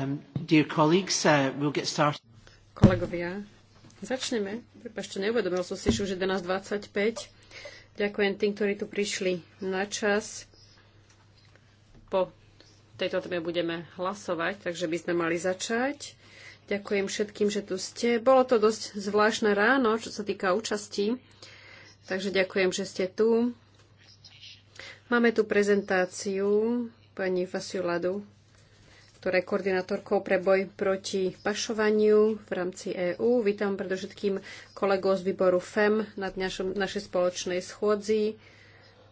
Um, uh, Kolegovia, začneme. Prepašte, neuvedomil som si, že už 11.25. Ďakujem tým, ktorí tu prišli na čas. Po tejto téme budeme hlasovať, takže by sme mali začať. Ďakujem všetkým, že tu ste. Bolo to dosť zvláštne ráno, čo sa týka účasti, takže ďakujem, že ste tu. Máme tu prezentáciu pani Vasiuladu ktorá je koordinátorkou pre boj proti pašovaniu v rámci EÚ. Vítam predovšetkým kolegov z výboru FEM na našom, našej spoločnej schôdzi.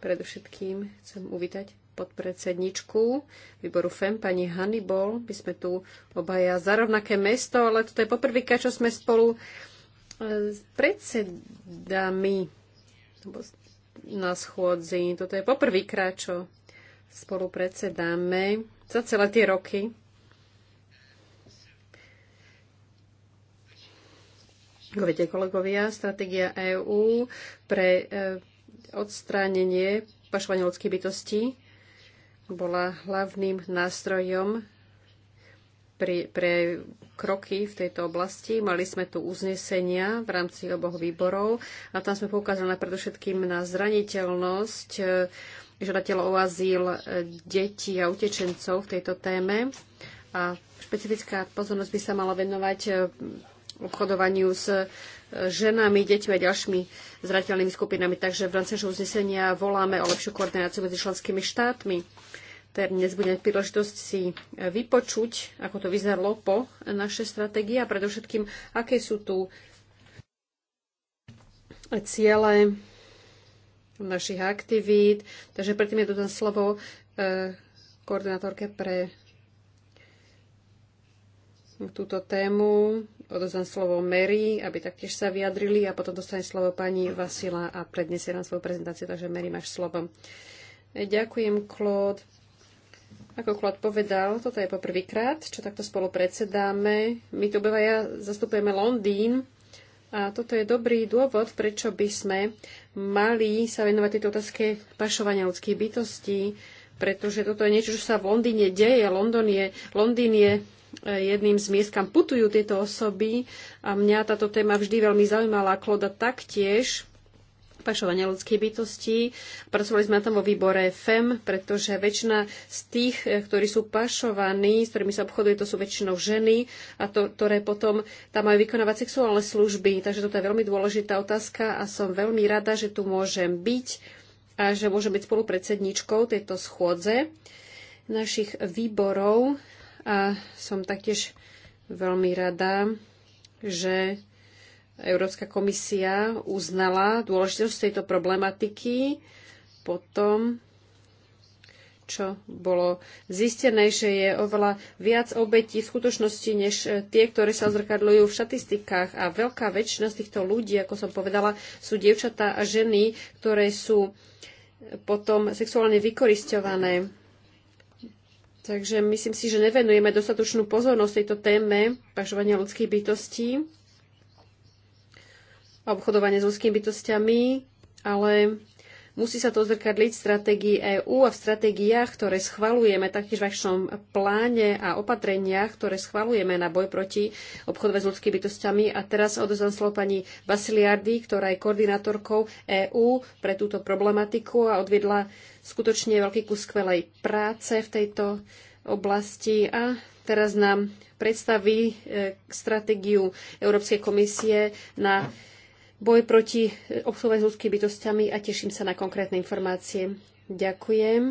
Predovšetkým chcem uvítať podpredsedničku výboru FEM, pani Hannibal. My sme tu obaja za rovnaké mesto, ale toto je poprvý, čo sme spolu e, s predsedami na schôdzi. Toto je poprvýkrát, čo spolu predsedáme za celé tie roky. Ako viete, kolegovia, stratégia EÚ pre eh, odstránenie pašovania ľudských bytostí bola hlavným nástrojom pri, pre kroky v tejto oblasti. Mali sme tu uznesenia v rámci oboch výborov a tam sme poukázali na predovšetkým na zraniteľnosť eh, žiadateľov o azyl, eh, detí a utečencov v tejto téme. A špecifická pozornosť by sa mala venovať obchodovaniu s e, ženami, deťmi a ďalšími zrateľnými skupinami. Takže v rámci uznesenia voláme o lepšiu koordináciu medzi členskými štátmi. Ter dnes budeme príležitosť si vypočuť, ako to vyzeralo po našej stratégii a predovšetkým, aké sú tu ciele našich aktivít. Takže predtým je tu ten slovo e, koordinátorke pre túto tému. Odozdám slovo Mary, aby taktiež sa vyjadrili a potom dostane slovo pani Vasila a predniesie nám svoju prezentáciu, takže Mary, máš slovo. Ďakujem, Claude. Ako Claude povedal, toto je poprvýkrát, čo takto spolu predsedáme. My tu ja zastupujeme Londýn a toto je dobrý dôvod, prečo by sme mali sa venovať tejto otázke pašovania ľudských bytostí, pretože toto je niečo, čo sa v Londýne deje. Londýn je, Londýn je jedným z miest, kam putujú tieto osoby. A mňa táto téma vždy veľmi zaujímala. Kloda taktiež pašovania ľudskej bytosti. Pracovali sme na tom vo výbore FEM, pretože väčšina z tých, eh, ktorí sú pašovaní, s ktorými sa obchoduje, to sú väčšinou ženy, a to, ktoré potom tam majú vykonávať sexuálne služby. Takže toto je veľmi dôležitá otázka a som veľmi rada, že tu môžem byť a že môžem byť spolupredsedničkou tejto schôdze našich výborov a som taktiež veľmi rada, že Európska komisia uznala dôležitosť tejto problematiky po tom, čo bolo zistené, že je oveľa viac obetí v skutočnosti, než tie, ktoré sa zrkadľujú v štatistikách. A veľká väčšina z týchto ľudí, ako som povedala, sú dievčatá a ženy, ktoré sú potom sexuálne vykoristované Takže myslím si, že nevenujeme dostatočnú pozornosť tejto téme pašovania ľudských bytostí a obchodovanie s ľudskými bytostiami, ale Musí sa to zrkadliť v stratégii EÚ a v stratégiách, ktoré schvalujeme, taktiež v akčnom pláne a opatreniach, ktoré schvalujeme na boj proti obchodove s ľudskými bytostiami. A teraz odozvam slovo pani Vasiliardi, ktorá je koordinátorkou EÚ pre túto problematiku a odvedla skutočne veľký kus skvelej práce v tejto oblasti a teraz nám predstaví e, stratégiu Európskej komisie na boj proti e, obsluhe s ľudskými bytostiami a teším sa na konkrétne informácie. Ďakujem.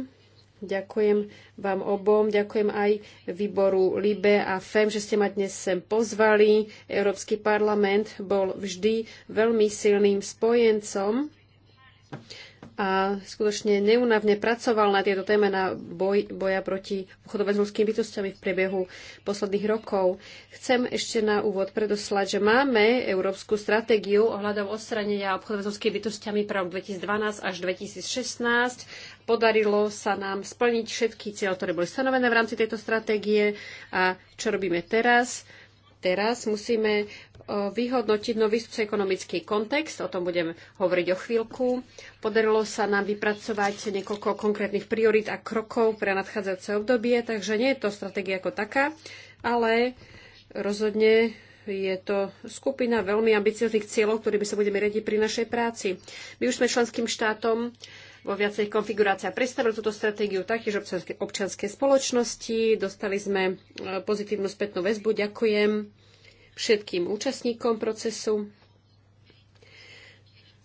Ďakujem vám obom, ďakujem aj výboru LIBE a FEM, že ste ma dnes sem pozvali. Európsky parlament bol vždy veľmi silným spojencom a skutočne neunavne pracoval na tieto téme na boj, boja proti obchodovať s ľudskými bytostiami v priebehu posledných rokov. Chcem ešte na úvod predoslať, že máme európsku stratégiu ohľadom odstranenia obchodovať s ľudskými bytostiami pre rok 2012 až 2016. Podarilo sa nám splniť všetky cieľe, ktoré boli stanovené v rámci tejto stratégie a čo robíme teraz. Teraz musíme e, vyhodnotiť nový socioekonomický kontext, o tom budem hovoriť o chvíľku. Podarilo sa nám vypracovať niekoľko konkrétnych priorít a krokov pre nadchádzajúce obdobie, takže nie je to stratégia ako taká, ale rozhodne je to skupina veľmi ambiciozných cieľov, ktorými sa budeme radiť pri našej práci. My už sme členským štátom vo viacej konfiguráciách predstavil túto stratégiu taktiež občianske, občianske spoločnosti. Dostali sme e, pozitívnu spätnú väzbu. Ďakujem všetkým účastníkom procesu.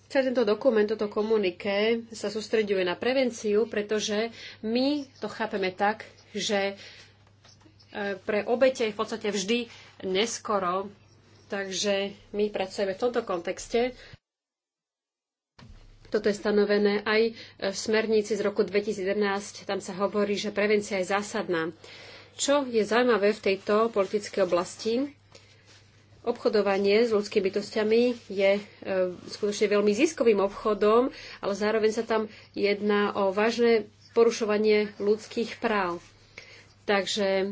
Celý tento dokument, toto komuniké sa sústreďuje na prevenciu, pretože my to chápeme tak, že e, pre obete je v podstate vždy neskoro, takže my pracujeme v tomto kontexte toto je stanovené aj v smernici z roku 2011. Tam sa hovorí, že prevencia je zásadná. Čo je zaujímavé v tejto politickej oblasti, obchodovanie s ľudskými bytostiami je e, skutočne veľmi ziskovým obchodom, ale zároveň sa tam jedná o vážne porušovanie ľudských práv. Takže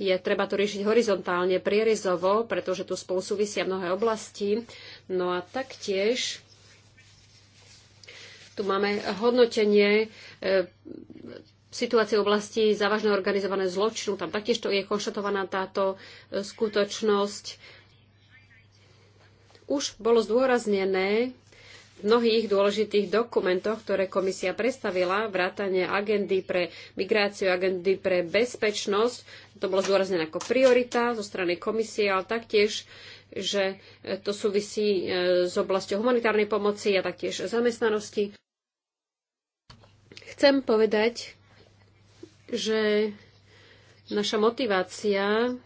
je treba to riešiť horizontálne, prierezovo, pretože tu spolu súvisia mnohé oblasti. No a taktiež tu máme hodnotenie e, situácie v oblasti závažného organizovaného zločinu. Tam taktiež to je konštatovaná táto e, skutočnosť. Už bolo zdôraznené v mnohých dôležitých dokumentoch, ktoré komisia predstavila, vrátanie agendy pre migráciu, agendy pre bezpečnosť. To bolo zdôraznené ako priorita zo strany komisie, ale taktiež že to súvisí e, s oblasťou humanitárnej pomoci a taktiež zamestnanosti. Chcem povedať, že naša motivácia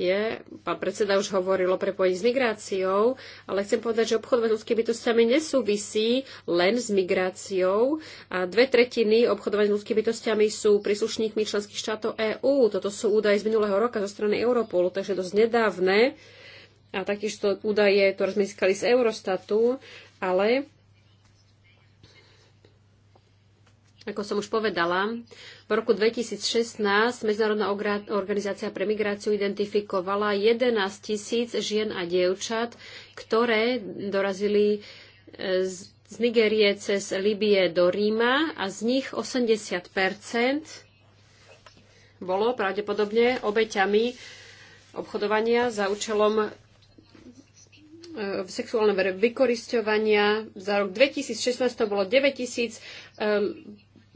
je, pán predseda už hovoril o prepojení s migráciou, ale chcem povedať, že obchod s ľudskými bytostiami nesúvisí len s migráciou a dve tretiny obchodovania s ľudskými bytostiami sú príslušníkmi členských štátov EÚ. Toto sú údaje z minulého roka zo strany Europolu, takže dosť nedávne. A taktiež to údaje, ktoré sme získali z Eurostatu, ale Ako som už povedala, v roku 2016 Medzinárodná organizácia pre migráciu identifikovala 11 tisíc žien a dievčat, ktoré dorazili e, z, z Nigérie cez Libie do Ríma a z nich 80 bolo pravdepodobne obeťami obchodovania za účelom e, sexuálneho vykoristovania. Za rok 2016 to bolo 9000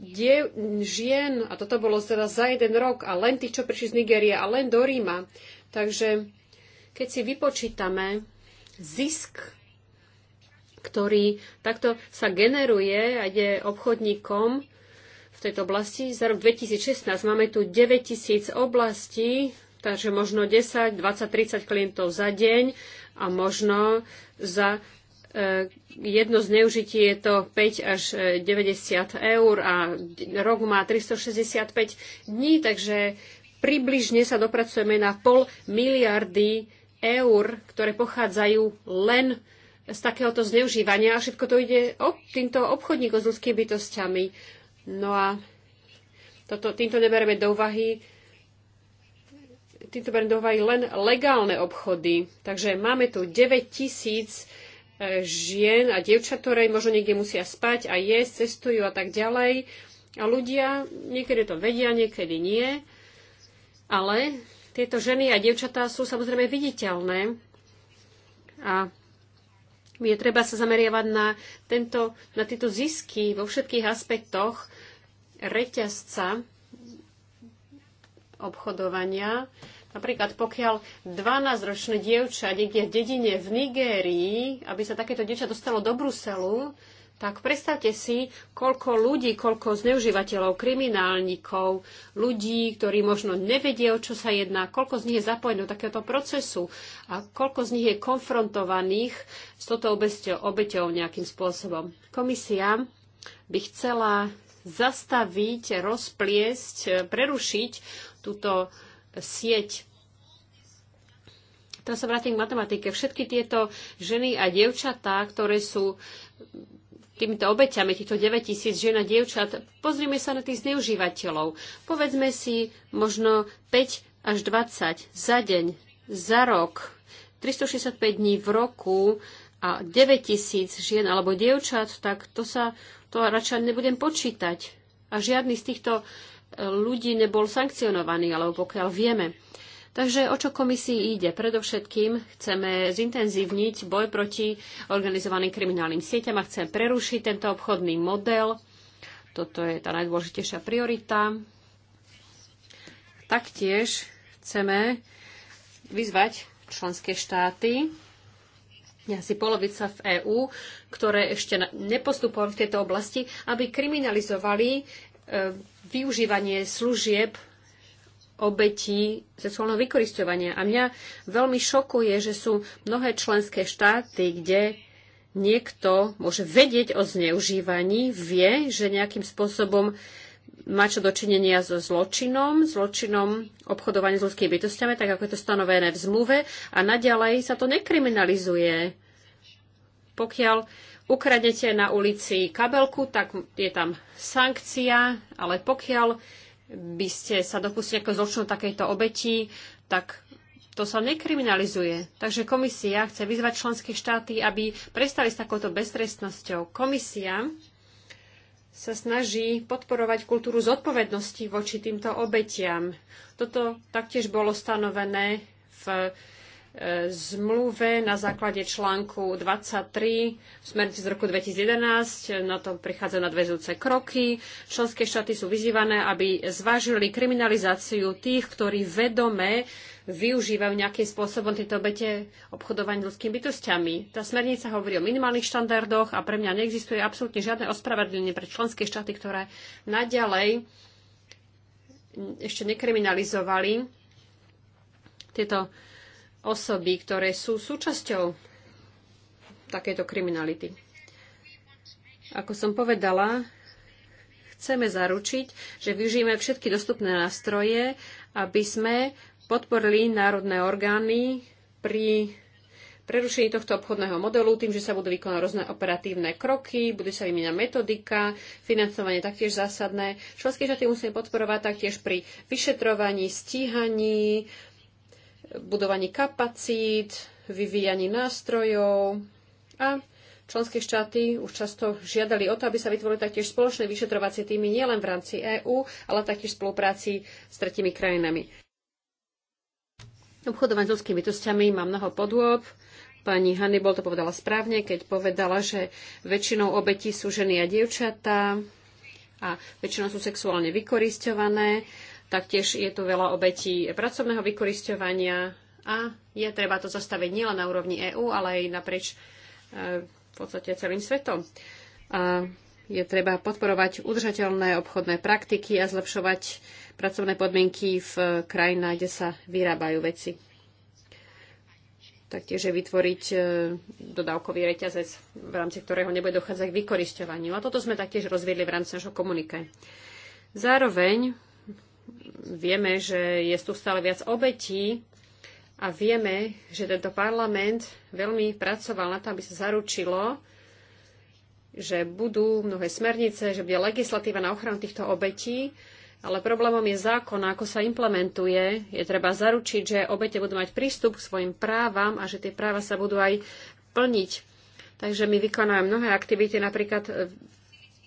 diev, žien, a toto bolo teda za jeden rok, a len tých, čo prišli z Nigérie, a len do Ríma. Takže keď si vypočítame zisk, ktorý takto sa generuje a ide obchodníkom v tejto oblasti, za rok 2016 máme tu 9000 oblastí, takže možno 10, 20, 30 klientov za deň a možno za E, jedno zneužitie je to 5 až 90 e, eur a rok má 365 dní, takže približne sa dopracujeme na pol miliardy eur, ktoré pochádzajú len z takéhoto zneužívania a všetko to ide o týmto obchodníkom s ľudskými bytostiami. No a toto, týmto nebereme do úvahy týmto bereme do úvahy len legálne obchody. Takže máme tu 9 tisíc žien a dievčat, ktoré možno niekde musia spať a jesť, cestujú a tak ďalej. A ľudia niekedy to vedia, niekedy nie. Ale tieto ženy a dievčatá sú samozrejme viditeľné. A je treba sa zameriavať na, tento, na tieto zisky vo všetkých aspektoch reťazca obchodovania. Napríklad pokiaľ 12-ročné dievča niekde v dedine v Nigérii, aby sa takéto dievča dostalo do Bruselu, tak predstavte si, koľko ľudí, koľko zneužívateľov, kriminálnikov, ľudí, ktorí možno nevedia, o čo sa jedná, koľko z nich je zapojených do takéhoto procesu a koľko z nich je konfrontovaných s toto obeťou, obeťou nejakým spôsobom. Komisia by chcela zastaviť, rozpliesť, prerušiť túto sieť. Teraz sa vrátim k matematike. Všetky tieto ženy a dievčatá, ktoré sú týmito obeťami, týchto 9000 žien a dievčat, pozrime sa na tých zneužívateľov. Povedzme si možno 5 až 20 za deň, za rok, 365 dní v roku a 9000 žien alebo dievčat, tak to sa to radšej nebudem počítať. A žiadny z týchto ľudí nebol sankcionovaný, alebo pokiaľ vieme. Takže o čo komisii ide? Predovšetkým chceme zintenzívniť boj proti organizovaným kriminálnym sieťam a chceme prerušiť tento obchodný model. Toto je tá najdôležitejšia priorita. Taktiež chceme vyzvať členské štáty, asi polovica v EÚ, ktoré ešte nepostupovali v tejto oblasti, aby kriminalizovali E, využívanie služieb obetí sexuálneho vykoristovania. A mňa veľmi šokuje, že sú mnohé členské štáty, kde niekto môže vedieť o zneužívaní, vie, že nejakým spôsobom má čo dočinenia so zločinom, zločinom obchodovania s ľudskými bytostiami, tak ako je to stanovené v zmluve a naďalej sa to nekriminalizuje. Pokiaľ ukradnete na ulici kabelku, tak je tam sankcia, ale pokiaľ by ste sa dopustili ako zločinu takejto obeti, tak to sa nekriminalizuje. Takže komisia chce vyzvať členské štáty, aby prestali s takouto beztrestnosťou. Komisia sa snaží podporovať kultúru zodpovednosti voči týmto obetiam. Toto taktiež bolo stanovené v zmluve na základe článku 23 v smernici z roku 2011. Na to prichádza nadväzujúce kroky. Členské štáty sú vyzývané, aby zvážili kriminalizáciu tých, ktorí vedome využívajú nejakým spôsobom tieto obete obchodovania s ľudskými bytostiami. Tá smernica hovorí o minimálnych štandardoch a pre mňa neexistuje absolútne žiadne ospravedlnenie pre členské štáty, ktoré naďalej ešte nekriminalizovali tieto osoby, ktoré sú súčasťou takéto kriminality. Ako som povedala, chceme zaručiť, že využijeme všetky dostupné nástroje, aby sme podporili národné orgány pri prerušení tohto obchodného modelu tým, že sa budú vykonať rôzne operatívne kroky, bude sa vymieňať metodika, financovanie taktiež zásadné. Členské štáty musíme podporovať taktiež pri vyšetrovaní, stíhaní, budovaní kapacít, vyvíjaní nástrojov a členské štáty už často žiadali o to, aby sa vytvorili taktiež spoločné vyšetrovacie týmy nielen v rámci EÚ, ale taktiež v spolupráci s tretimi krajinami. Obchodovanie s ľudskými bytostiami má mnoho podôb. Pani Hannibal to povedala správne, keď povedala, že väčšinou obetí sú ženy a dievčatá a väčšinou sú sexuálne vykoristované Taktiež je tu veľa obetí pracovného vykoristovania a je treba to zastaviť nielen na úrovni EÚ, ale aj naprieč e, v podstate celým svetom. A je treba podporovať udržateľné obchodné praktiky a zlepšovať pracovné podmienky v krajinách, kde sa vyrábajú veci. Taktiež je vytvoriť e, dodávkový reťazec, v rámci ktorého nebude dochádzať k vykoristovaniu. A toto sme taktiež rozviedli v rámci našho komunike. Zároveň vieme, že je tu stále viac obetí a vieme, že tento parlament veľmi pracoval na to, aby sa zaručilo, že budú mnohé smernice, že bude legislatíva na ochranu týchto obetí, ale problémom je zákon, ako sa implementuje. Je treba zaručiť, že obete budú mať prístup k svojim právam a že tie práva sa budú aj plniť. Takže my vykonávame mnohé aktivity, napríklad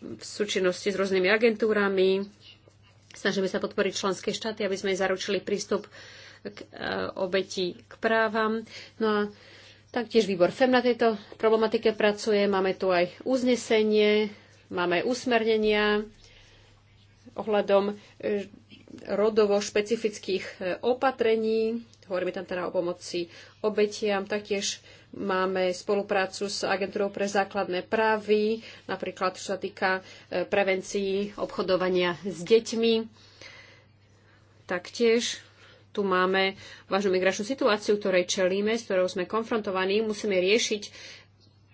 v súčinnosti s rôznymi agentúrami, Snažíme sa podporiť členské štáty, aby sme zaručili prístup k e, obeti k právam. No a taktiež výbor FEM na tejto problematike pracuje. Máme tu aj uznesenie, máme usmernenia ohľadom e, rodovo špecifických e, opatrení. Hovoríme tam teda o pomoci obetiam. Taktiež Máme spoluprácu s agentúrou pre základné právy, napríklad čo sa týka e, prevencií obchodovania s deťmi. Taktiež tu máme vážnu migračnú situáciu, ktorej čelíme, s ktorou sme konfrontovaní. Musíme riešiť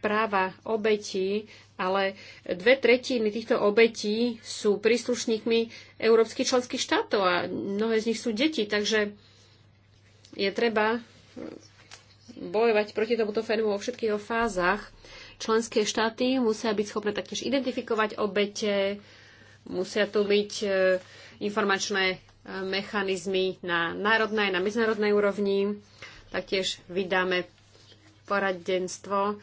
práva obetí, ale dve tretiny týchto obetí sú príslušníkmi európskych členských štátov a mnohé z nich sú deti, takže je treba bojovať proti tomuto fenomu vo všetkých jeho fázach. Členské štáty musia byť schopné taktiež identifikovať obete, musia tu byť e, informačné e, mechanizmy na národnej, na medzinárodnej úrovni. Taktiež vydáme poradenstvo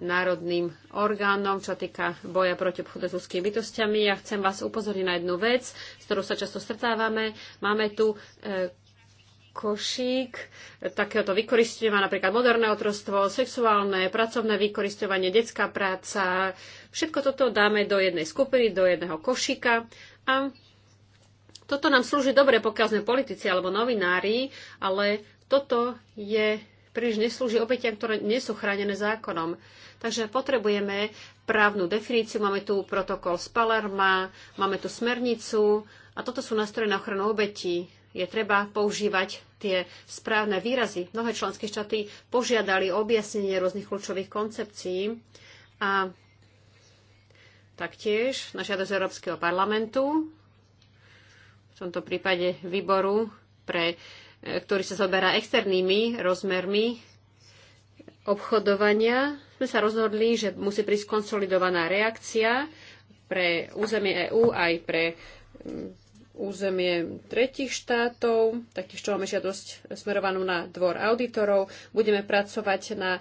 národným orgánom, čo týka boja proti obchodu s ľudskými bytostiami. Ja chcem vás upozorniť na jednu vec, s ktorou sa často stretávame. Máme tu e, košík takéhoto vykoristovania, napríklad moderné otrostvo, sexuálne, pracovné vykoristovanie, detská práca. Všetko toto dáme do jednej skupiny, do jedného košíka a toto nám slúži dobre, pokiaľ sme politici alebo novinári, ale toto je príliš neslúži obetiam, ktoré nie sú chránené zákonom. Takže potrebujeme právnu definíciu, máme tu protokol z Palerma, máme tu smernicu a toto sú nástroje na ochranu obetí je treba používať tie správne výrazy. Mnohé členské štáty požiadali o objasnenie rôznych kľúčových koncepcií a taktiež na žiadosť Európskeho parlamentu, v tomto prípade výboru, pre, e, ktorý sa zoberá externými rozmermi obchodovania, sme sa rozhodli, že musí prísť konsolidovaná reakcia pre územie EÚ aj pre územie tretich štátov, taktiež čo máme žiadosť smerovanú na dvor auditorov. Budeme pracovať na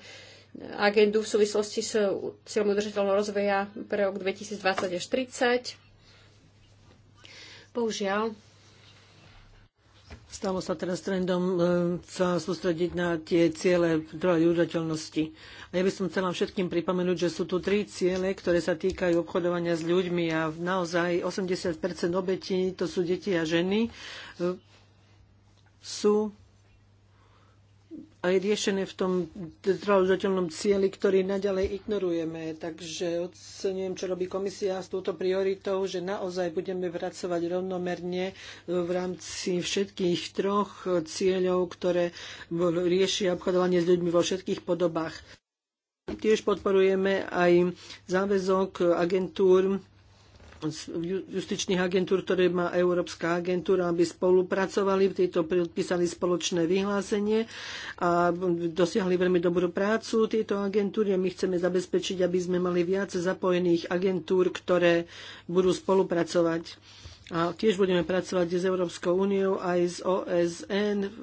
agendu v súvislosti s cieľom udržateľného rozvoja pre rok 2020 až 2030. Bohužiaľ, Stalo sa teraz trendom e, sa sústrediť na tie ciele trvalej udržateľnosti. A ja by som chcela všetkým pripomenúť, že sú tu tri ciele, ktoré sa týkajú obchodovania s ľuďmi a naozaj 80 obetí, to sú deti a ženy, e, sú aj riešené v tom trvalodateľnom cieli, ktorý naďalej ignorujeme. Takže ocenujem, čo robí komisia s túto prioritou, že naozaj budeme pracovať rovnomerne v rámci všetkých troch cieľov, ktoré riešia obchodovanie s ľuďmi vo všetkých podobách. Tiež podporujeme aj záväzok agentúr justičných agentúr, ktoré má Európska agentúra, aby spolupracovali, títo podpísali spoločné vyhlásenie a dosiahli veľmi dobrú prácu tieto agentúry my chceme zabezpečiť, aby sme mali viac zapojených agentúr, ktoré budú spolupracovať. A tiež budeme pracovať s Európskou úniou aj s OSN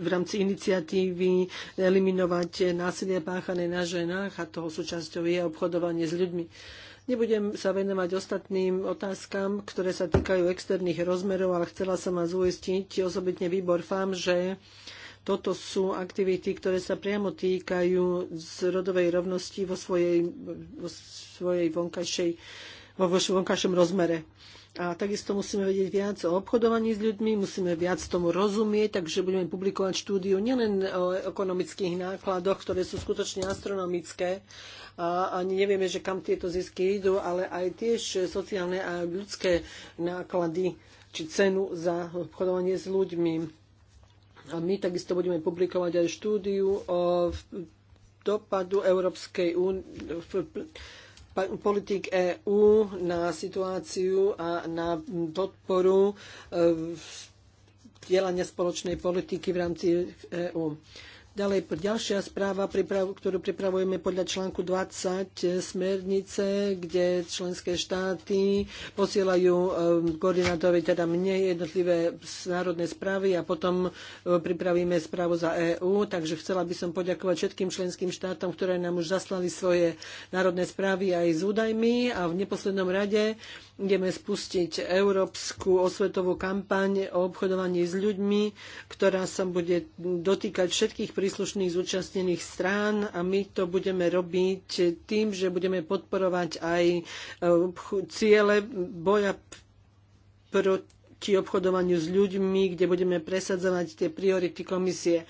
v rámci iniciatívy eliminovať násilie páchané na ženách a toho súčasťou je obchodovanie s ľuďmi. Nebudem sa venovať ostatným otázkam, ktoré sa týkajú externých rozmerov, ale chcela som vás uistiť, osobitne výbor FAM, že toto sú aktivity, ktoré sa priamo týkajú z rodovej rovnosti vo svojej, vo svojej vonkajšej vo vonkajšom rozmere. A takisto musíme vedieť viac o obchodovaní s ľuďmi, musíme viac tomu rozumieť, takže budeme publikovať štúdiu nielen o ekonomických nákladoch, ktoré sú skutočne astronomické, a ani nevieme, že kam tieto zisky idú, ale aj tiež sociálne a ľudské náklady či cenu za obchodovanie s ľuďmi. A my takisto budeme publikovať aj štúdiu o dopadu Európskej únie politik EÚ na situáciu a na podporu e, dielania spoločnej politiky v rámci EÚ. Ďalej ďalšia správa, ktorú pripravujeme podľa článku 20 e, smernice, kde členské štáty posielajú e, koordinátorovi teda mne jednotlivé národné správy a potom e, pripravíme správu za EÚ. Takže chcela by som poďakovať všetkým členským štátom, ktoré nám už zaslali svoje národné správy aj s údajmi a v neposlednom rade ideme spustiť európsku osvetovú kampaň o obchodovaní s ľuďmi, ktorá sa bude dotýkať všetkých príslušných príslušných zúčastnených strán a my to budeme robiť tým, že budeme podporovať aj e, ciele boja proti obchodovaniu s ľuďmi, kde budeme presadzovať tie priority komisie.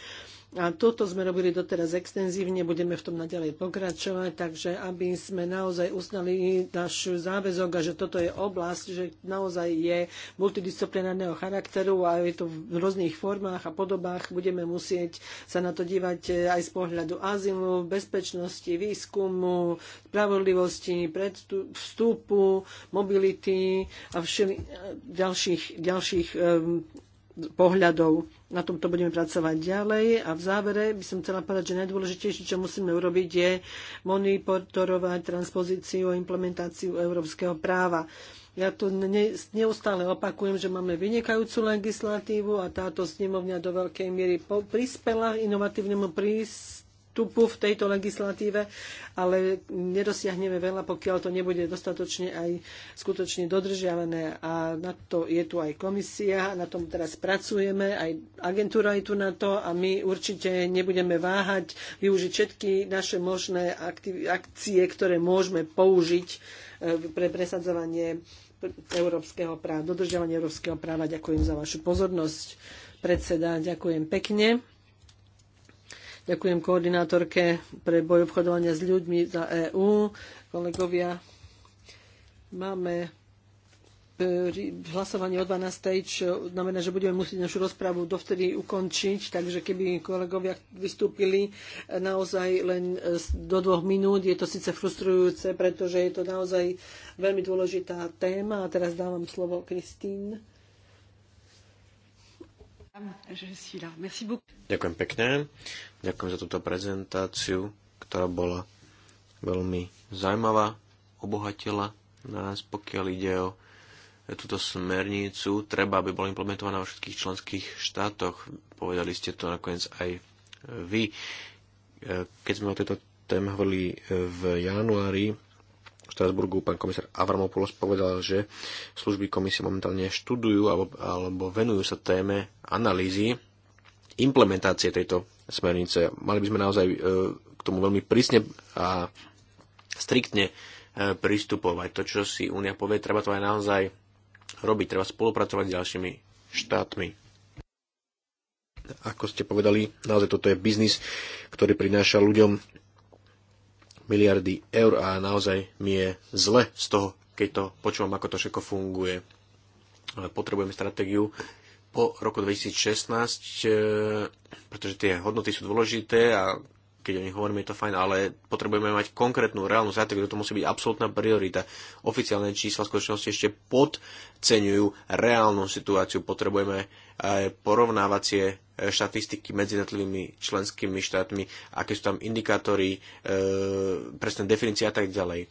A toto sme robili doteraz extenzívne, budeme v tom naďalej pokračovať, takže aby sme naozaj uznali náš záväzok a že toto je oblasť, že naozaj je multidisciplinárneho charakteru a je to v rôznych formách a podobách, budeme musieť sa na to dívať e, aj z pohľadu azylu, bezpečnosti, výskumu, spravodlivosti, vstupu, mobility a všeli, e, ďalších, ďalších um, pohľadov. Na tomto budeme pracovať ďalej a v závere by som chcela povedať, že najdôležitejšie, čo musíme urobiť, je monitorovať transpozíciu a implementáciu európskeho práva. Ja tu neustále opakujem, že máme vynikajúcu legislatívu a táto snemovňa do veľkej miery prispela inovatívnemu prístupu vstupu v tejto legislatíve, ale nedosiahneme veľa, pokiaľ to nebude dostatočne aj skutočne dodržiavané. A na to je tu aj komisia, na tom teraz pracujeme, aj agentúra je tu na to a my určite nebudeme váhať využiť všetky naše možné akcie, ktoré môžeme použiť e, pre presadzovanie európskeho práva, dodržiavanie európskeho práva. Ďakujem za vašu pozornosť. Predseda, ďakujem pekne. Ďakujem koordinátorke pre boj obchodovania s ľuďmi za EÚ. Kolegovia, máme e, hlasovanie o 12. čo znamená, že budeme musieť našu rozprávu dovtedy ukončiť, takže keby kolegovia vystúpili e, naozaj len e, do dvoch minút, je to síce frustrujúce, pretože je to naozaj veľmi dôležitá téma. A teraz dávam slovo Kristín. Ďakujem pekne. Ďakujem za túto prezentáciu, ktorá bola veľmi zaujímavá, obohatila nás, pokiaľ ide o túto smernicu. Treba, aby bola implementovaná vo všetkých členských štátoch. Povedali ste to nakoniec aj vy. Keď sme o tejto téme hovorili v januári, v Štrasburgu pán komisár Avramopoulos povedal, že služby komisie momentálne študujú alebo, alebo venujú sa téme analýzy implementácie tejto smernice. Mali by sme naozaj e, k tomu veľmi prísne a striktne e, pristupovať. To, čo si Únia povie, treba to aj naozaj robiť. Treba spolupracovať s ďalšími štátmi. Ako ste povedali, naozaj toto je biznis, ktorý prináša ľuďom miliardy eur a naozaj mi je zle z toho, keď to počúvam, ako to všetko funguje. Potrebujeme stratégiu po roku 2016, e, pretože tie hodnoty sú dôležité a keď o nich hovoríme, je to fajn, ale potrebujeme mať konkrétnu, reálnu stratégiu, to musí byť absolútna priorita. Oficiálne čísla skutočnosti ešte podceňujú reálnu situáciu. Potrebujeme eh, porovnávacie eh, štatistiky medzi jednotlivými členskými štátmi, aké sú tam indikátory, eh, presné definície a tak ďalej.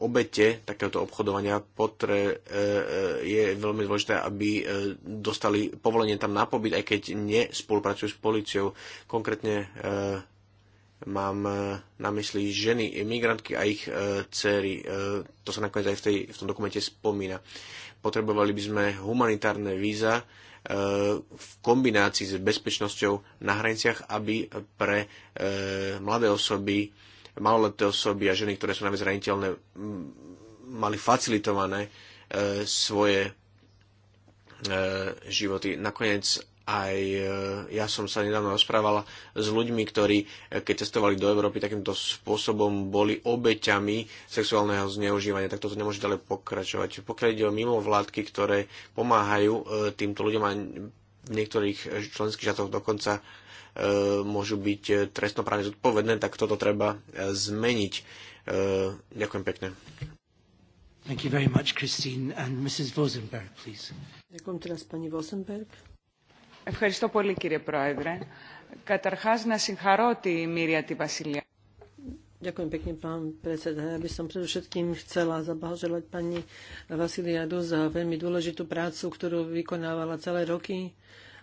Obete takéhoto obchodovania potre, je veľmi dôležité, aby dostali povolenie tam na pobyt, aj keď nespolupracujú s policiou. Konkrétne Mám e, na mysli ženy, imigrantky a ich e, dcery. E, to sa nakoniec aj v, tej, v tom dokumente spomína. Potrebovali by sme humanitárne víza v kombinácii s bezpečnosťou na hraniciach, aby pre mladé osoby, maloleté osoby a ženy, ktoré sú najviac zraniteľné, mali facilitované svoje životy. Nakoniec aj e, ja som sa nedávno rozprávala s ľuďmi, ktorí, e, keď cestovali do Európy, takýmto spôsobom boli obeťami sexuálneho zneužívania. Tak toto nemôže ďalej pokračovať. Pokiaľ ide o mimovládky, ktoré pomáhajú e, týmto ľuďom a v niektorých členských žiatoch dokonca môžu byť trestnoprávne zodpovedné, tak toto treba zmeniť. Ďakujem pekne. Thank you very much, Christine. And Mrs. Vosenberg, please. Ďakujem teraz pani Vosenberg. Ευχαριστώ πολύ κύριε Πρόεδρε. Καταρχάς Ďakujem pekne, pán predseda. Ja by som predovšetkým chcela zablahoželať pani Vasiliadu za veľmi dôležitú prácu, ktorú vykonávala celé roky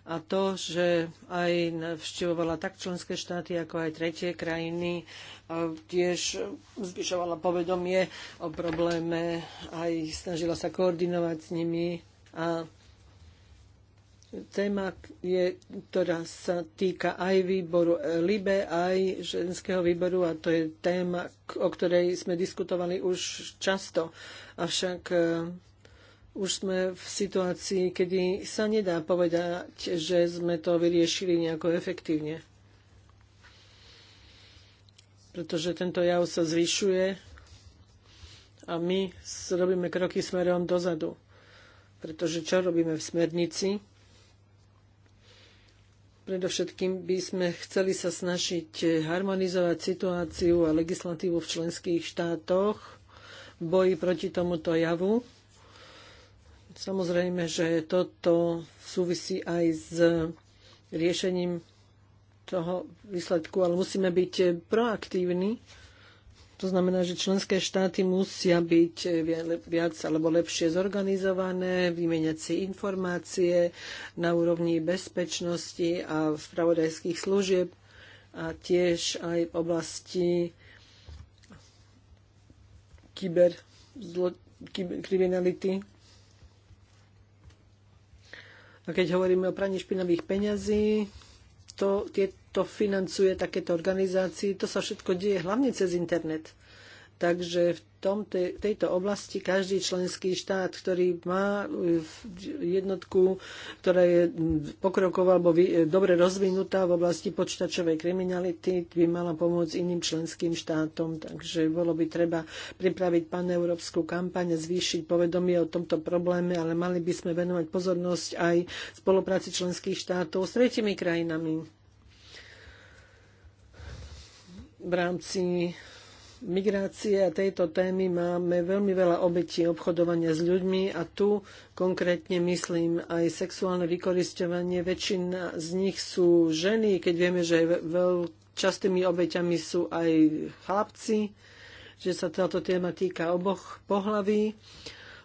a to, že aj navštevovala tak členské štáty, ako aj tretie krajiny, a tiež zvyšovala povedomie o probléme, aj snažila sa koordinovať s nimi a téma, je, ktorá sa týka aj výboru eh, LIBE, aj ženského výboru a to je téma, o ktorej sme diskutovali už často. Avšak eh, už sme v situácii, kedy sa nedá povedať, že sme to vyriešili nejako efektívne. Pretože tento jav sa zvyšuje a my robíme kroky smerom dozadu. Pretože čo robíme v smernici? Predovšetkým by sme chceli sa snažiť harmonizovať situáciu a legislatívu v členských štátoch v boji proti tomuto javu. Samozrejme, že toto súvisí aj s riešením toho výsledku, ale musíme byť proaktívni to znamená, že členské štáty musia byť viac alebo lepšie zorganizované, vymeniať si informácie na úrovni bezpečnosti a spravodajských služieb a tiež aj v oblasti kyber, zlo, kyber kriminality. A keď hovoríme o praní špinavých peňazí, to, tie, to financuje takéto organizácii. To sa všetko deje hlavne cez internet. Takže v tomte, tejto oblasti každý členský štát, ktorý má e, jednotku, ktorá je pokroková alebo e, dobre rozvinutá v oblasti počítačovej kriminality, by mala pomôcť iným členským štátom. Takže bolo by treba pripraviť paneurópsku kampaň a zvýšiť povedomie o tomto probléme, ale mali by sme venovať pozornosť aj spolupráci členských štátov s tretimi krajinami v rámci migrácie a tejto témy máme veľmi veľa obetí obchodovania s ľuďmi a tu konkrétne myslím aj sexuálne vykoristovanie. Väčšina z nich sú ženy, keď vieme, že veľ, častými obeťami sú aj chlapci, že sa táto téma týka oboch pohlaví.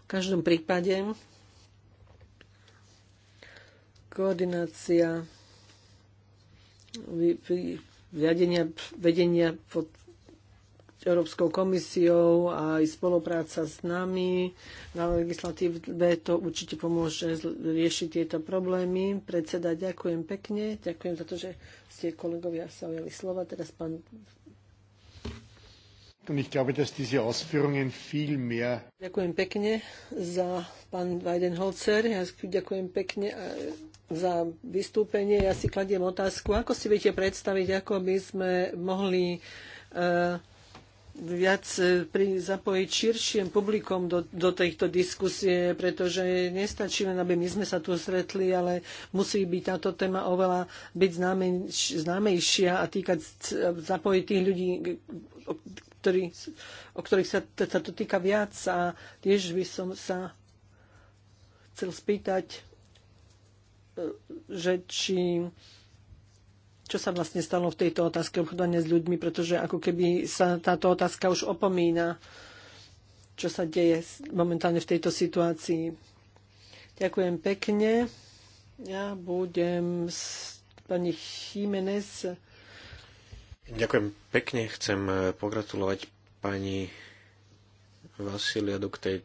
V každom prípade koordinácia riadenia, vedenia pod Európskou komisiou a aj spolupráca s nami na legislatíve to určite pomôže riešiť tieto problémy. Predseda, ďakujem pekne. Ďakujem za to, že ste kolegovia sa ujali slova. Teraz pán Und ich glaube, dass diese Ausführungen viel mehr. Ďakujem pekne za pán Weidenholzer. Ja ďakujem pekne eh, za vystúpenie. Ja si kladiem otázku, ako si viete predstaviť, ako by sme mohli uh, viac eh, pri, zapojiť širším publikom do, do tejto diskusie, pretože nestačí len, aby my sme sa tu stretli, ale musí byť táto téma oveľa byť známej, známejšia a týkať, zapojiť tých ľudí, o, ktorý, o ktorých sa, sa to týka viac. A tiež by som sa chcel spýtať, že či čo sa vlastne stalo v tejto otázke obchodovania s ľuďmi, pretože ako keby sa táto otázka už opomína, čo sa deje momentálne v tejto situácii. Ďakujem pekne. Ja budem s pani Jiménez. Ďakujem pekne. Chcem eh, pogratulovať pani Vasiliadu k tej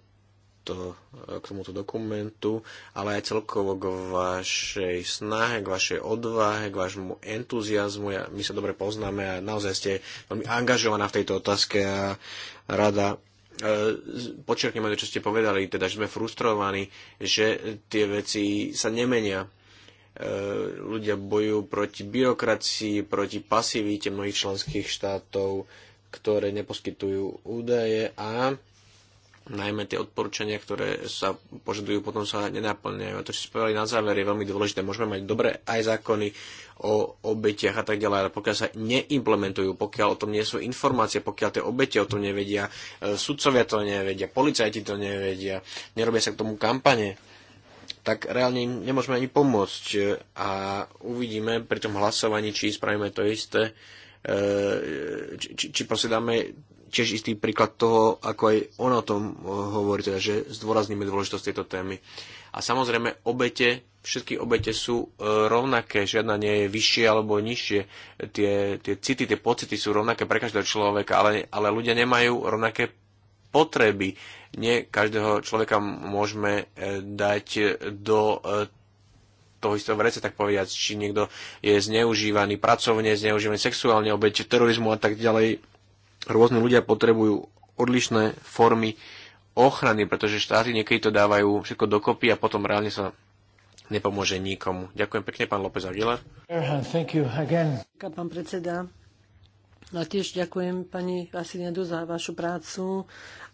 tomuto, e, k tomuto dokumentu, ale aj celkovo k vašej snahe, k vašej odvahe, k vášmu entuziasmu. Ja, my sa dobre poznáme a naozaj ste veľmi angažovaná v tejto otázke a rada e, počerknem aj čo ste povedali, teda, že sme frustrovaní, že tie veci sa nemenia. E, ľudia bojujú proti byrokracii, proti pasivite mnohých členských štátov, ktoré neposkytujú údaje a najmä tie odporúčania, ktoré sa požadujú, potom sa nenaplňajú. A to, čo spravili na záver, je veľmi dôležité. Môžeme mať dobré aj zákony o obetiach a tak ďalej, ale pokiaľ sa neimplementujú, pokiaľ o tom nie sú informácie, pokiaľ tie obete o tom nevedia, e, sudcovia to nevedia, policajti to nevedia, nerobia sa k tomu kampane, tak reálne im nemôžeme ani pomôcť. E, a uvidíme pri tom hlasovaní, či spravíme to isté, e, či, či, či proste dáme tiež istý príklad toho, ako aj ona o tom eh, hovorí, teda, že zdôrazníme dôležitosť tejto témy. A samozrejme, obete, všetky obete sú eh, rovnaké, žiadna nie je vyššie alebo nižšie. Tie, tie city, tie pocity sú rovnaké pre každého človeka, ale, ale ľudia nemajú rovnaké potreby. Nie každého človeka môžeme eh, dať do toho istého vrece, tak povedať, či niekto je zneužívaný pracovne, zneužívaný sexuálne, obeď terorizmu a tak ďalej rôzne ľudia potrebujú odlišné formy ochrany, pretože štáty niekedy to dávajú všetko dokopy a potom reálne sa nepomôže nikomu. Ďakujem pekne, pán López Aguilar. Ďakujem, pán predseda. A tiež ďakujem pani Vasiliadu za vašu prácu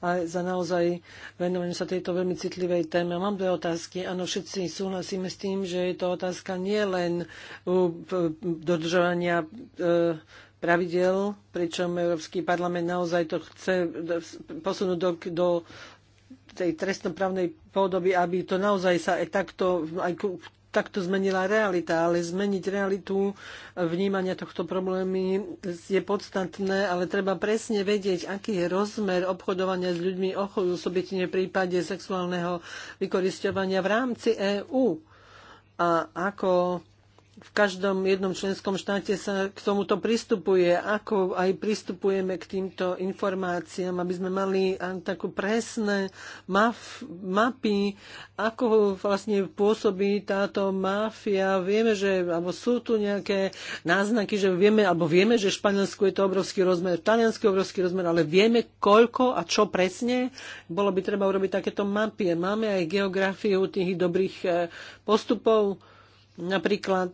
a za naozaj venovanie sa tejto veľmi citlivej téme. Mám dve otázky. Áno, všetci súhlasíme s tým, že je to otázka nielen dodržovania e, pravidel, pričom Európsky parlament naozaj to chce posunúť do, do tej trestnoprávnej podoby, aby to naozaj sa aj takto, aj takto zmenila realita, ale zmeniť realitu vnímania tohto problémy je podstatné, ale treba presne vedieť, aký je rozmer obchodovania s ľuďmi osobitne v prípade sexuálneho vykoristovania v rámci EÚ a ako v každom jednom členskom štáte sa k tomuto pristupuje, ako aj pristupujeme k týmto informáciám, aby sme mali takú presné maf- mapy, ako vlastne pôsobí táto mafia. Vieme, že alebo sú tu nejaké náznaky, že vieme, alebo vieme, že v Španielsku je to obrovský rozmer, v Taliansku je obrovský rozmer, ale vieme koľko a čo presne. Bolo by treba urobiť takéto mapy. Máme aj geografiu tých dobrých eh, postupov napríklad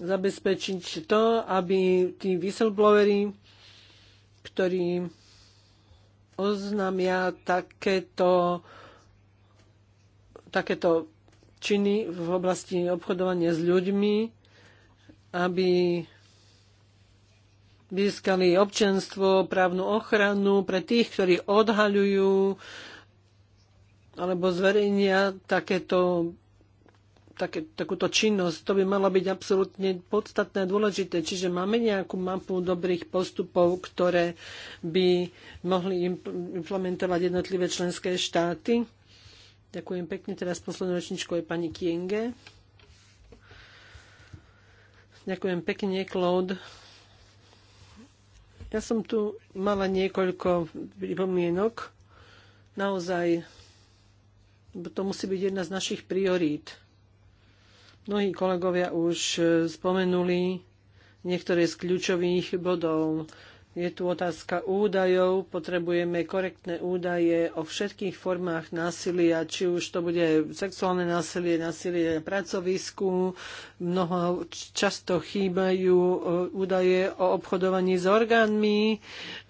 zabezpečiť to, aby tí whistleblowery, ktorí oznámia takéto, takéto činy v oblasti obchodovania s ľuďmi, aby získali občanstvo, právnu ochranu pre tých, ktorí odhaľujú alebo zverejnia takéto také, takúto činnosť. To by malo byť absolútne podstatné a dôležité. Čiže máme nejakú mapu dobrých postupov, ktoré by mohli implementovať jednotlivé členské štáty. Ďakujem pekne. Teraz poslednú ročničkou je pani Kienge. Ďakujem pekne, Claude. Ja som tu mala niekoľko pripomienok. Naozaj, to musí byť jedna z našich priorít. Mnohí kolegovia už e, spomenuli niektoré z kľúčových bodov je tu otázka údajov, potrebujeme korektné údaje o všetkých formách násilia, či už to bude sexuálne násilie, násilie na pracovisku. Mnoho často chýbajú e, údaje o obchodovaní s orgánmi.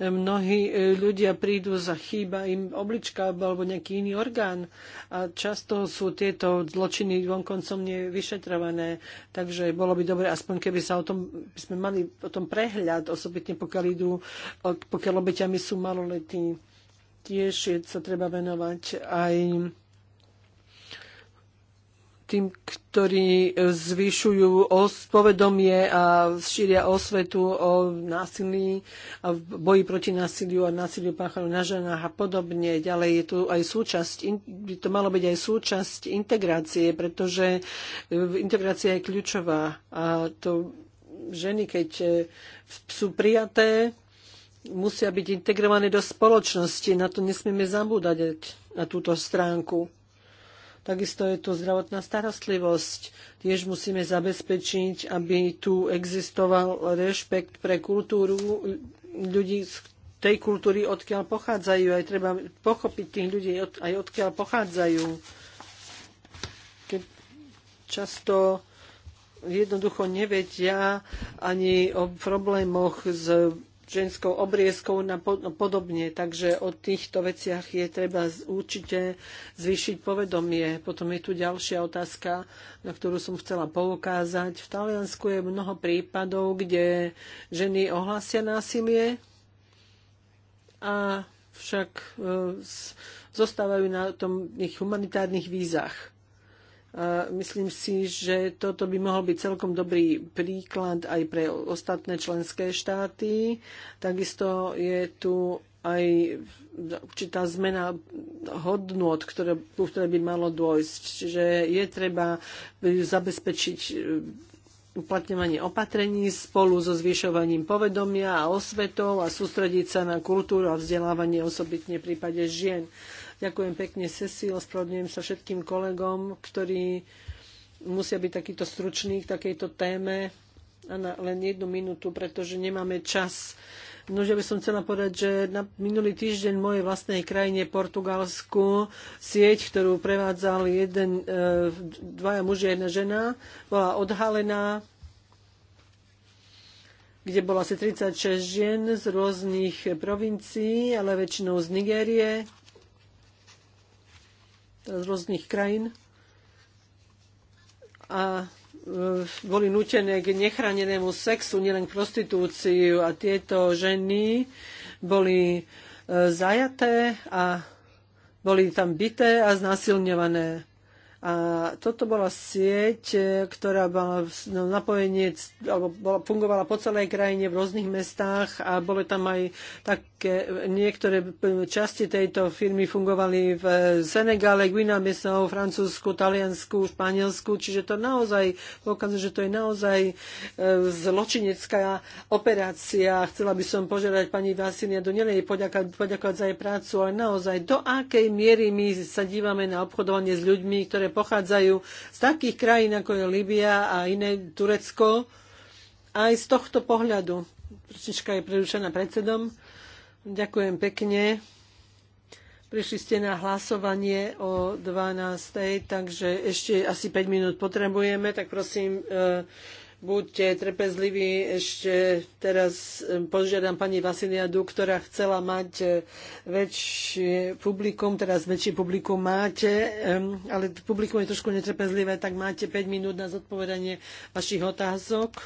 Mnohí e, ľudia prídu za chýba im oblička alebo nejaký iný orgán. A často sú tieto zločiny vonkoncom nevyšetrované. Takže bolo by dobre, aspoň keby sa o tom, by sme mali o tom prehľad, osobitne pokiaľ idú pokiaľ obeťami sú maloletí. Tiež je, sa treba venovať aj tým, ktorí zvyšujú povedomie a šíria osvetu o násilí a boji proti násiliu a násiliu páchanú na ženách a podobne. Ďalej je tu aj súčasť, by to malo byť aj súčasť integrácie, pretože e, integrácia je kľúčová a to ženy, keď e, sú prijaté, musia byť integrované do spoločnosti. Na to nesmieme zabúdať, na túto stránku. Takisto je tu zdravotná starostlivosť. Tiež musíme zabezpečiť, aby tu existoval rešpekt pre kultúru ľudí z tej kultúry, odkiaľ pochádzajú. Aj treba pochopiť tých ľudí, aj odkiaľ pochádzajú. Keď často jednoducho nevedia ani o problémoch s ženskou obriezkou a podobne. Takže o týchto veciach je treba určite zvýšiť povedomie. Potom je tu ďalšia otázka, na ktorú som chcela poukázať. V Taliansku je mnoho prípadov, kde ženy ohlásia násilie a však e, zostávajú na tom ich humanitárnych vízach myslím si, že toto by mohol byť celkom dobrý príklad aj pre ostatné členské štáty. Takisto je tu aj určitá zmena hodnot, ktoré, ktoré by malo dôjsť. Čiže je treba zabezpečiť uplatňovanie opatrení spolu so zvyšovaním povedomia a osvetov a sústrediť sa na kultúru a vzdelávanie osobitne v prípade žien. Ďakujem pekne Cecil, ospravedlňujem sa všetkým kolegom, ktorí musia byť takýto struční k takejto téme. A na len jednu minútu, pretože nemáme čas No, že by som chcela povedať, že na minulý týždeň v mojej vlastnej krajine Portugalsku sieť, ktorú prevádzal jeden, e, dvaja muži a jedna žena, bola odhalená kde bolo asi 36 žien z rôznych provincií, ale väčšinou z Nigérie, z rôznych krajín. A E, boli nutené k nechránenému sexu, nielen k prostitúciu a tieto ženy boli e, zajaté a boli tam bité a znásilňované. A toto bola sieť, e, ktorá bola no, napojenie, alebo bola, fungovala po celej krajine v rôznych mestách a boli tam aj také, niektoré časti tejto firmy fungovali v Senegále, Guinea Bissau, Francúzsku, Taliansku, Španielsku, čiže to naozaj, pokazuje, že to je naozaj e, zločinecká operácia. Chcela by som požiadať pani Vasilia do nelej poďakovať, poďakovať za jej prácu, ale naozaj do akej miery my sa dívame na obchodovanie s ľuďmi, ktoré pochádzajú z takých krajín, ako je Libia a iné Turecko. Aj z tohto pohľadu. Prčička je prerušená predsedom. Ďakujem pekne. Prišli ste na hlasovanie o 12. takže ešte asi 5 minút potrebujeme, tak prosím, eh, Buďte trpezliví, ešte teraz požiadam pani Vasiliadu, ktorá chcela mať e, väčšie publikum, teraz väčšie publikum máte, ale publikum je trošku netrpezlivé, tak máte 5 minút na zodpovedanie vašich otázok.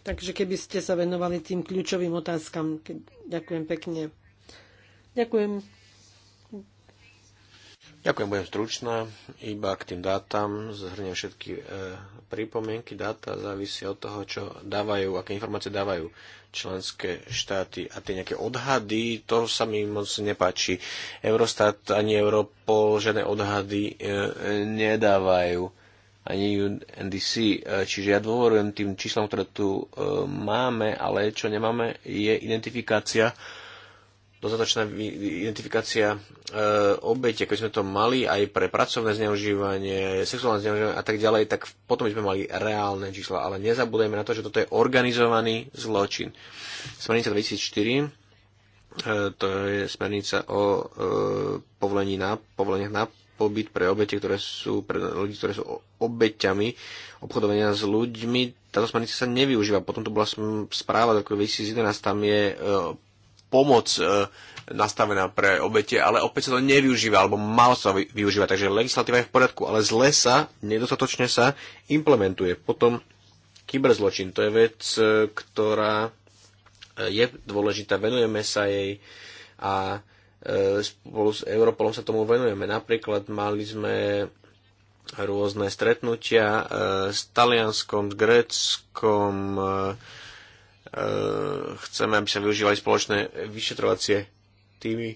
Takže keby ste sa venovali tým kľúčovým otázkam. Ďakujem pekne. Ďakujem. Ďakujem, budem stručná. Iba k tým dátam zhrňujem všetky e, pripomienky. Dáta závisia od toho, čo dávajú, aké informácie dávajú členské štáty a tie nejaké odhady, to sa mi moc nepáči. Eurostat ani Europol žiadne odhady e, nedávajú ani UNDC. E, čiže ja dôverujem tým číslom, ktoré tu e, máme, ale čo nemáme je identifikácia e, dodatočná identifikácia e, obete, keď sme to mali aj pre pracovné zneužívanie, sexuálne zneužívanie a tak ďalej, tak potom by sme mali reálne čísla. Ale nezabudajme na to, že toto je organizovaný zločin. Smernica 2004, e, to je smernica o e, povolení na, povoleniach na pobyt pre obete, ktoré sú, pre ľudí, ktoré sú obeťami obchodovania s ľuďmi. Táto smernica sa nevyužíva. Potom to bola správa ako 2011, tam je e, pomoc e, nastavená pre obete, ale opäť sa to nevyužíva, alebo málo sa využíva, takže legislatíva je v poriadku, ale zle sa, nedostatočne sa implementuje. Potom kyberzločin, to je vec, e, ktorá e, je dôležitá, venujeme sa jej a spolu s Europolom sa tomu venujeme. Napríklad mali sme rôzne stretnutia s Talianskom, s Gréckom, Eh, chceme, aby sa využívali spoločné vyšetrovacie týmy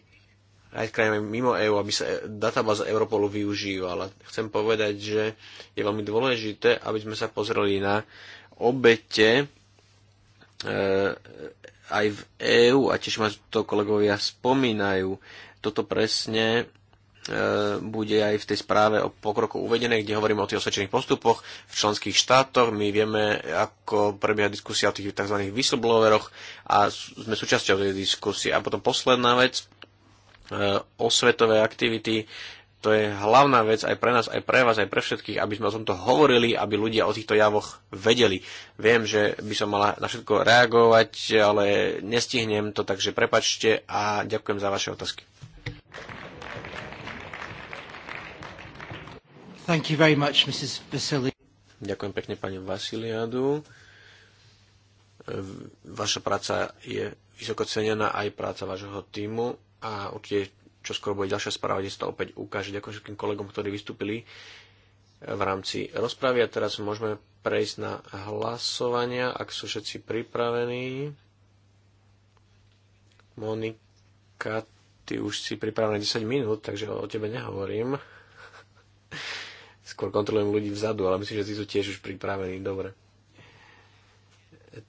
aj krajinami mimo EÚ, aby sa databáza Europolu využívala. Chcem povedať, že je veľmi dôležité, aby sme sa pozreli na obete eh, aj v EÚ a tiež ma to kolegovia spomínajú. Toto presne E, bude aj v tej správe o pokroku uvedené, kde hovoríme o tých osvedčených postupoch v členských štátoch. My vieme, ako prebieha diskusia o tých tzv. whistlebloweroch a sme súčasťou tej diskusie. A potom posledná vec, e, osvetové aktivity, to je hlavná vec aj pre nás, aj pre vás, aj pre všetkých, aby sme o tomto hovorili, aby ľudia o týchto javoch vedeli. Viem, že by som mala na všetko reagovať, ale nestihnem to, takže prepačte a ďakujem za vaše otázky. Thank you very much, Mrs. Ďakujem pekne pani Vasiliadu. Vaša práca je vysoko cenená, aj práca vášho týmu a určite čo skoro bude ďalšia správa, kde sa to opäť ukáže. Ďakujem všetkým kolegom, ktorí vystúpili v rámci rozpravy a teraz môžeme prejsť na hlasovania, ak sú všetci pripravení. Monika, ty už si pripravená 10 minút, takže o tebe nehovorím skôr kontrolujem ľudí vzadu, ale myslím, že tí sú tiež už pripravení. Dobre.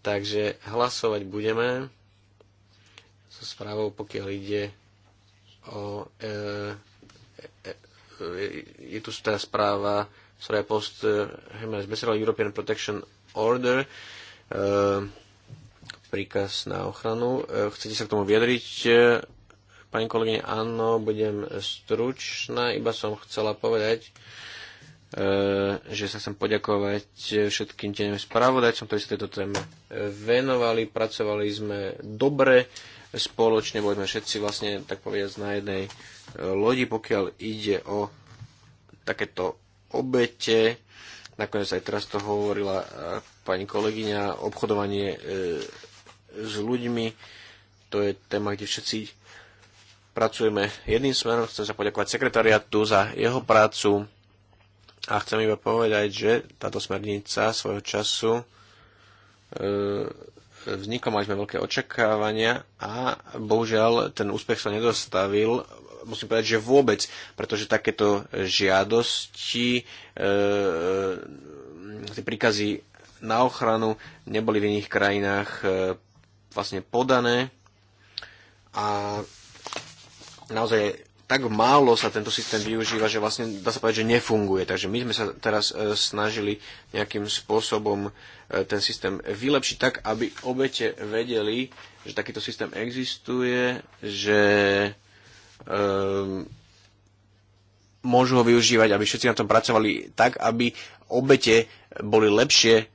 Takže hlasovať budeme so správou, pokiaľ ide o... E, e, e, je tu tá teda správa, ktorá je post e, Hemer's Besserel European Protection Order, e, príkaz na ochranu. E, chcete sa k tomu vyjadriť? E, pani kolegyne, áno, budem stručná, iba som chcela povedať, e, Eh, že sa chcem poďakovať eh, všetkým tým spravodajcom, ktorí sa tejto téme eh, venovali, pracovali sme dobre spoločne, boli sme všetci vlastne, tak povedať, na jednej lodi, pokiaľ ide o takéto obete. Nakoniec aj teraz to hovorila pani kolegyňa, obchodovanie s ľuďmi, to je téma, kde všetci pracujeme jedným smerom. Chcem sa poďakovať sekretariatu za jeho prácu, a chcem iba povedať, že táto smernica svojho času e, vznikla, mali sme veľké očakávania a bohužiaľ ten úspech sa nedostavil. Musím povedať, že vôbec, pretože takéto žiadosti, e, e tie príkazy na ochranu neboli v iných krajinách e, vlastne podané a naozaj tak málo sa tento systém využíva, že vlastne dá sa povedať, že nefunguje. Takže my sme sa teraz e, snažili nejakým spôsobom e, ten systém vylepšiť tak, aby obete vedeli, že takýto systém existuje, že e, môžu ho využívať, aby všetci na tom pracovali tak, aby obete boli lepšie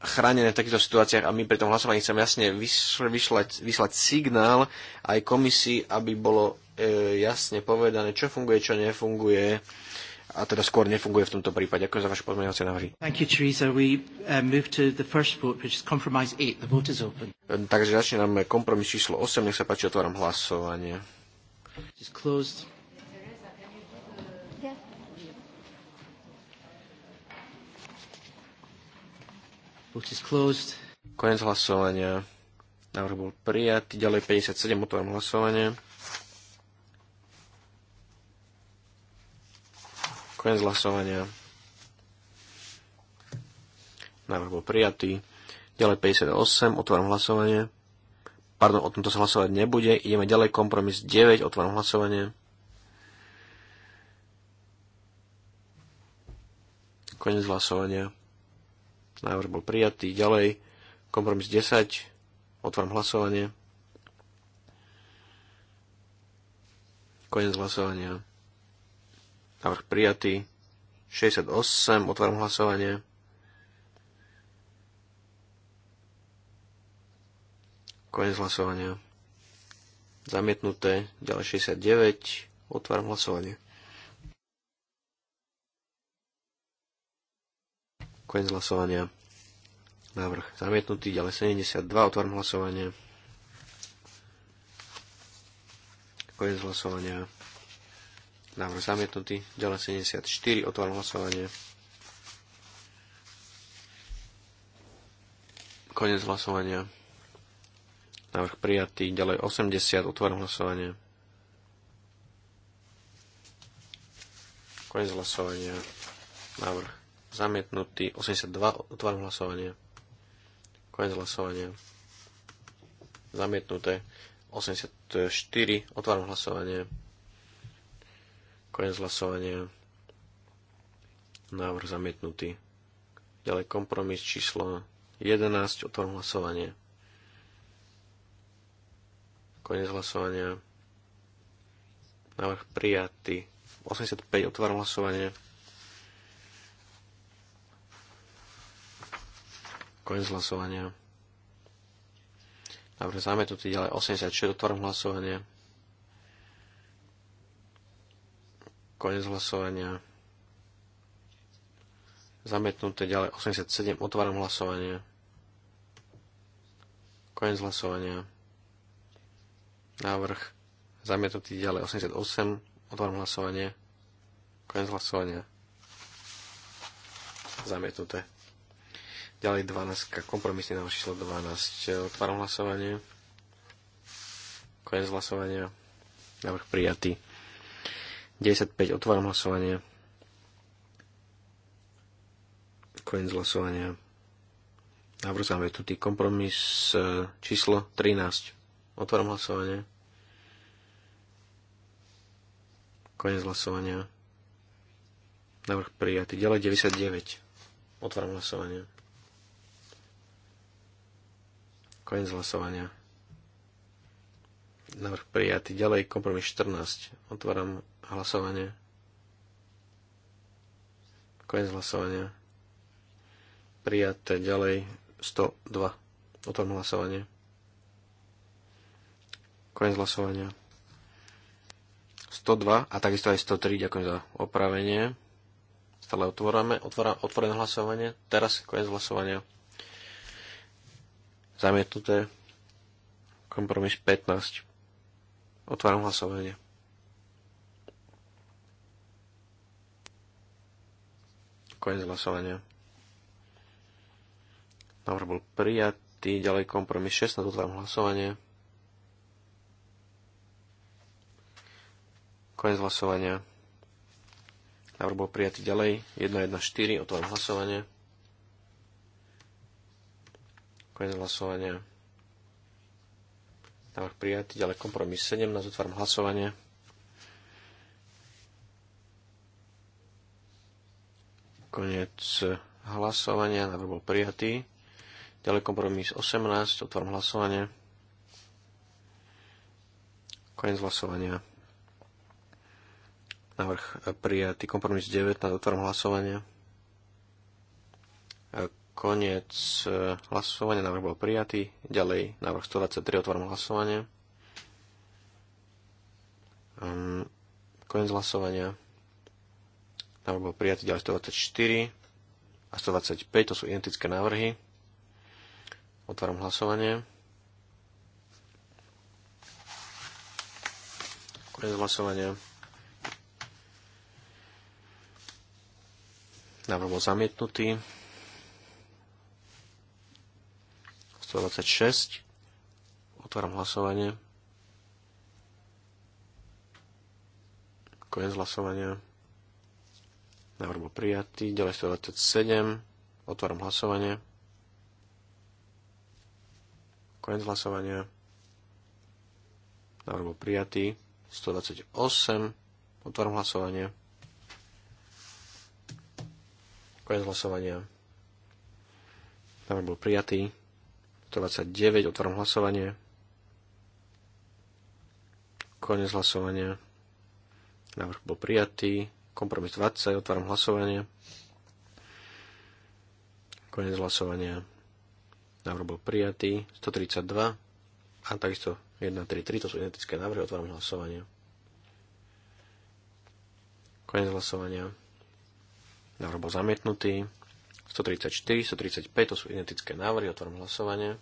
chránené v takýchto situáciách a my pri tom hlasovaní chcem jasne vyslať, vyslať signál aj komisii, aby bolo E, jasne povedané, čo funguje, čo nefunguje a teda skôr nefunguje v tomto prípade. Ďakujem za vaše pozmeňovacie návrhy. Uh, e, takže začíname kompromis číslo 8. Nech sa páči, otváram hlasovanie. Konec hlasovania. Návrh bol prijatý. Ďalej 57. Otváram hlasovanie. Konec hlasovania. Návrh bol prijatý. Ďalej 58, otváram hlasovanie. Pardon, o tomto sa hlasovať nebude. Ideme ďalej, kompromis 9, otváram hlasovanie. Konec hlasovania. Návrh bol prijatý. Ďalej, kompromis 10, otváram hlasovanie. Konec hlasovania. Návrh prijatý. 68. Otváram hlasovanie. Konec hlasovania. Zamietnuté. Ďalej 69. Otváram hlasovanie. Konec hlasovania. Návrh zamietnutý. Ďalej 72. Otváram hlasovanie. Konec hlasovania. Návrh zamietnutý. Ďalej 74. Otváram hlasovanie. Konec hlasovania. Návrh prijatý. Ďalej 80. Otváram hlasovanie. Konec hlasovania. Návrh zamietnutý. 82. Otváram hlasovanie. Konec hlasovania. Zamietnuté. 84. Otváram hlasovanie. Konec hlasovania. Návrh zamietnutý. Ďalej kompromis číslo 11. Otvorím hlasovanie. Konec hlasovania. Návrh prijatý. 85. Otváram hlasovanie. Konec hlasovania. Návrh zamietnutý. Ďalej 86. Otváram hlasovanie. Konec hlasovania. Zamietnuté ďalej 87. Otváram hlasovanie. Konec hlasovania. Návrh zamietnutý ďalej 88. Otváram hlasovanie. Konec hlasovania. Zamietnuté. Ďalej 12. Kompromisný návrh číslo 12. Otváram hlasovanie. Konec hlasovania. Návrh prijatý. 95. Otváram hlasovanie. Koniec hlasovania. Návrh zamietnutý. Kompromis e, číslo 13. Otváram hlasovanie. Koniec hlasovania. Návrh prijatý. Ďalej 99. Otváram hlasovanie. Koniec hlasovania. Návrh prijatý. Ďalej kompromis 14. Otváram hlasovanie. Koniec hlasovania. Prijaté ďalej 102. tom hlasovanie. Koniec hlasovania. 102 a takisto aj 103. Ďakujem za opravenie. Stále otvoríme Otvára, otvorené hlasovanie. Teraz koniec hlasovania. Zamietnuté. Kompromis 15. Otváram hlasovanie. Koniec hlasovania. Návrh bol prijatý. Ďalej kompromis 16. Otváram hlasovanie. Koniec hlasovania. Návrh bol prijatý ďalej. 4, Otváram hlasovanie. Koniec hlasovania. Návrh prijatý. Ďalej kompromis 17. Otváram hlasovanie. Koniec hlasovania. Návrh bol prijatý. Ďalej kompromis 18. otvorím hlasovanie. Koniec hlasovania. Návrh prijatý. Kompromis 19. otvorím hlasovanie. Koniec hlasovania. Návrh bol prijatý. Ďalej návrh 123. otvorím hlasovanie. Ehm, koniec hlasovania. Návrh bol prijatý ďalej 124 a 125, to sú identické návrhy. Otváram hlasovanie. Konec hlasovania. Návrh bol zamietnutý. 126. Otváram hlasovanie. Koniec hlasovania. Návrh bol prijatý. Ďalej 127. Otváram hlasovanie. Koniec hlasovania. Návrh bol prijatý. 128. Otváram hlasovanie. koniec hlasovania. Návrh bol prijatý. 129. Otváram hlasovanie. Koniec hlasovania. Návrh bol prijatý. Kompromis 20, otváram hlasovanie. Konec hlasovania. Návrh bol prijatý. 132 a takisto 133, to sú identické návrhy, otváram hlasovanie. Konec hlasovania. Návrh bol zamietnutý. 134, 135, to sú identické návrhy, otváram hlasovanie.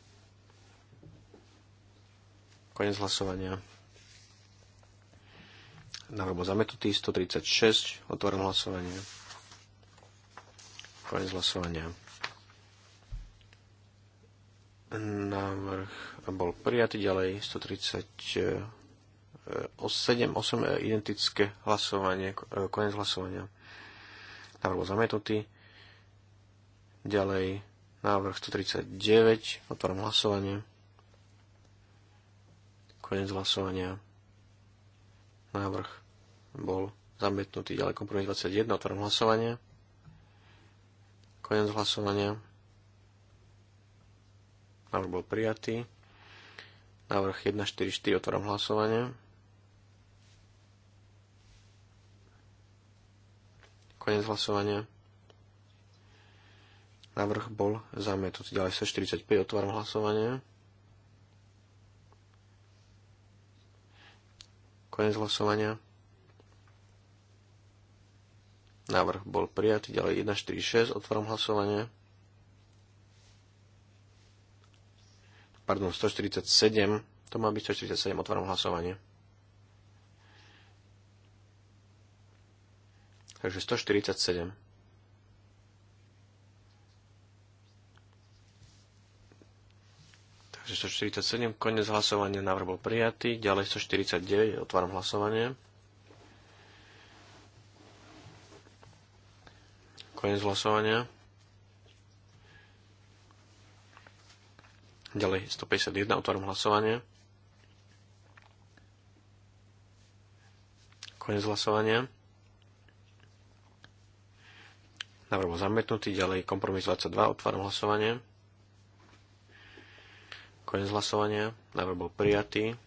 Konec hlasovania. Návrh bol zametnutý. 136. otvorím hlasovanie. Koniec hlasovania. Návrh bol prijatý. Ďalej 137. 8 identické hlasovanie. Koniec hlasovania. Návrh bol zametnutý. Ďalej návrh 139. otvorím hlasovanie. Koniec hlasovania návrh bol zamietnutý. Ďalej kompromis 21, otvorím hlasovanie. Konec hlasovania. Návrh bol prijatý. Návrh 144, otvorím hlasovanie. Konec hlasovania. Návrh bol zamietnutý. Ďalej 145, otvorím hlasovanie. Konec hlasovania. Návrh bol prijatý. Ďalej 146. Otváram hlasovanie. Pardon, 147. To má byť 147. Otváram hlasovanie. Takže 147. Takže 147, koniec hlasovania, návrh bol prijatý. Ďalej 149, otváram hlasovanie. Koniec hlasovania. Ďalej 151, otvorím hlasovanie. Koniec hlasovania. Návrh bol zamietnutý, ďalej kompromis 22, otváram hlasovanie. Koniec hlasovania. Návrh bol prijatý.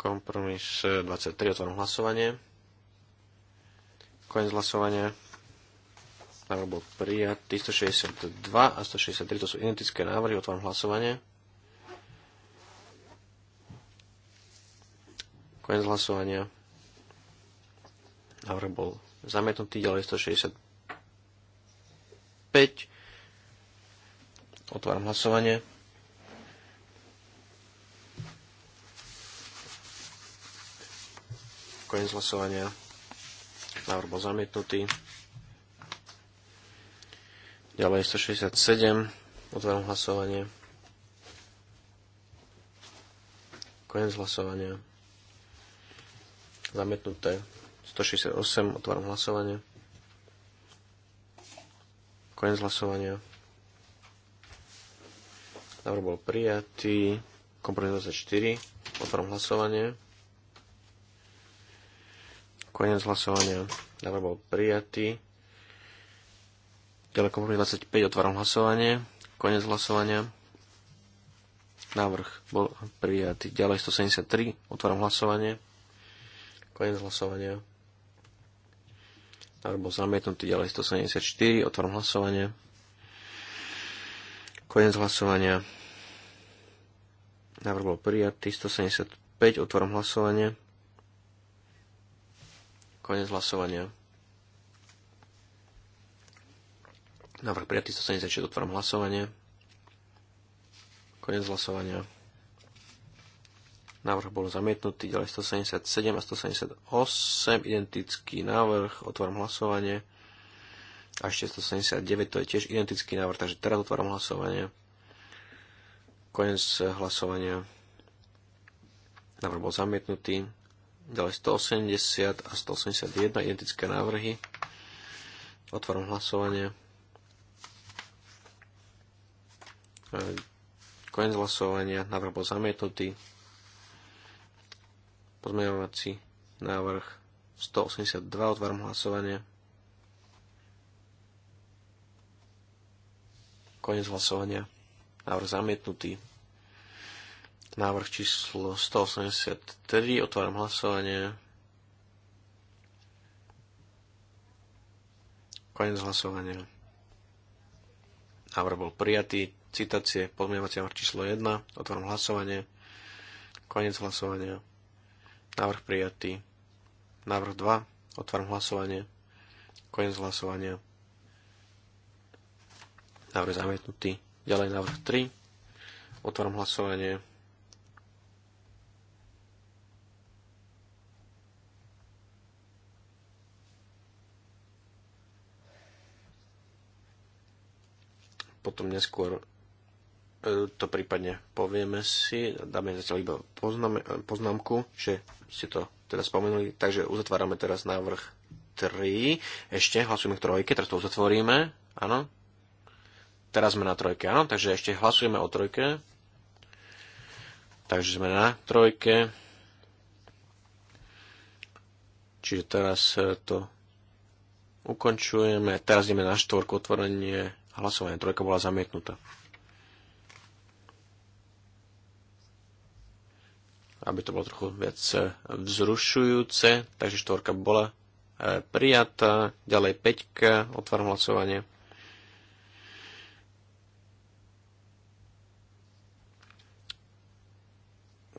Kompromis 23, otváram hlasovanie. Koniec hlasovania. Návrh bol prijatý. 162 a 163 to sú identické návrhy. Otváram hlasovanie. Koniec hlasovania. Návrh bol zamietnutý. Ďalej 165. Otváram hlasovanie. Koniec hlasovania. Návrh bol zamietnutý. Ďalej 167. Otváram hlasovanie. Koniec hlasovania. Zamietnuté. 168. Otváram hlasovanie. Koniec hlasovania. Návrh bol prijatý. Kompromis 24. Otváram hlasovanie. Koniec hlasovania. Návrh bol prijatý. Telekom 25, otváram hlasovanie. Konec hlasovania. Návrh bol prijatý. Ďalej 173, otváram hlasovanie. Konec hlasovania. Návrh bol zamietnutý. Ďalej 174, otváram hlasovanie. Konec hlasovania. Návrh bol prijatý. 175, otváram hlasovanie. Konec hlasovania. Návrh prijatý 176, otváram hlasovanie. Konec hlasovania. Návrh bol zamietnutý, ďalej 177 a 178, identický návrh, otváram hlasovanie. A ešte 179, to je tiež identický návrh, takže teraz otváram hlasovanie. Konec hlasovania. Návrh bol zamietnutý. Ďalej 180 a 181, identické návrhy. Otváram hlasovanie. E, koniec hlasovania. Návrh bol zamietnutý. Pozmeňovací návrh 182. Otváram hlasovanie. Koniec hlasovania. Návrh zamietnutý. Návrh číslo 183. Otváram hlasovanie. Koniec hlasovania. Návrh bol prijatý citácie, pozmeňovací návrh číslo 1, otvorím hlasovanie, koniec hlasovania, návrh prijatý, návrh 2, otvorím hlasovanie, koniec hlasovania, návrh zamietnutý, ďalej návrh 3, otvorím hlasovanie, potom neskôr E, to prípadne povieme si, dáme zatiaľ iba poznám, e, poznámku, že ste to teda spomenuli, takže uzatvárame teraz návrh 3, ešte hlasujeme k trojke, teraz to uzatvoríme, áno, teraz sme na trojke, áno, takže ešte hlasujeme o trojke, takže sme na trojke, čiže teraz e, to ukončujeme, teraz ideme na štvorku, otvorenie, hlasovanie, trojka bola zamietnutá. aby to bolo trochu viac e, vzrušujúce. Takže štvorka bola e, prijatá. Ďalej 5. Otváram hlasovanie.